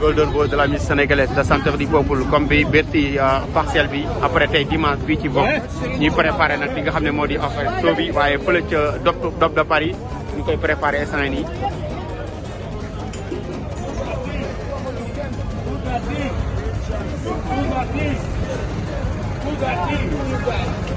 Golden Boy de la Miss sénégalaise de centre du peuple comme bi berti euh, partiel bi après tey dimanche bi ci bokk ñuy préparé nag li nga xam di offre show bi waaye fële ca dop dop de Paris ñu koy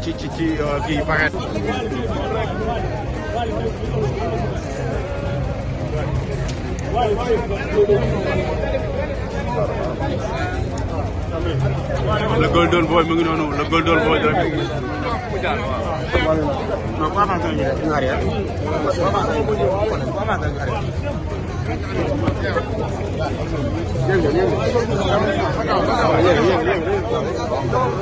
cici cici ci ci paret le golden boy mu ngi le golden boy rek no ya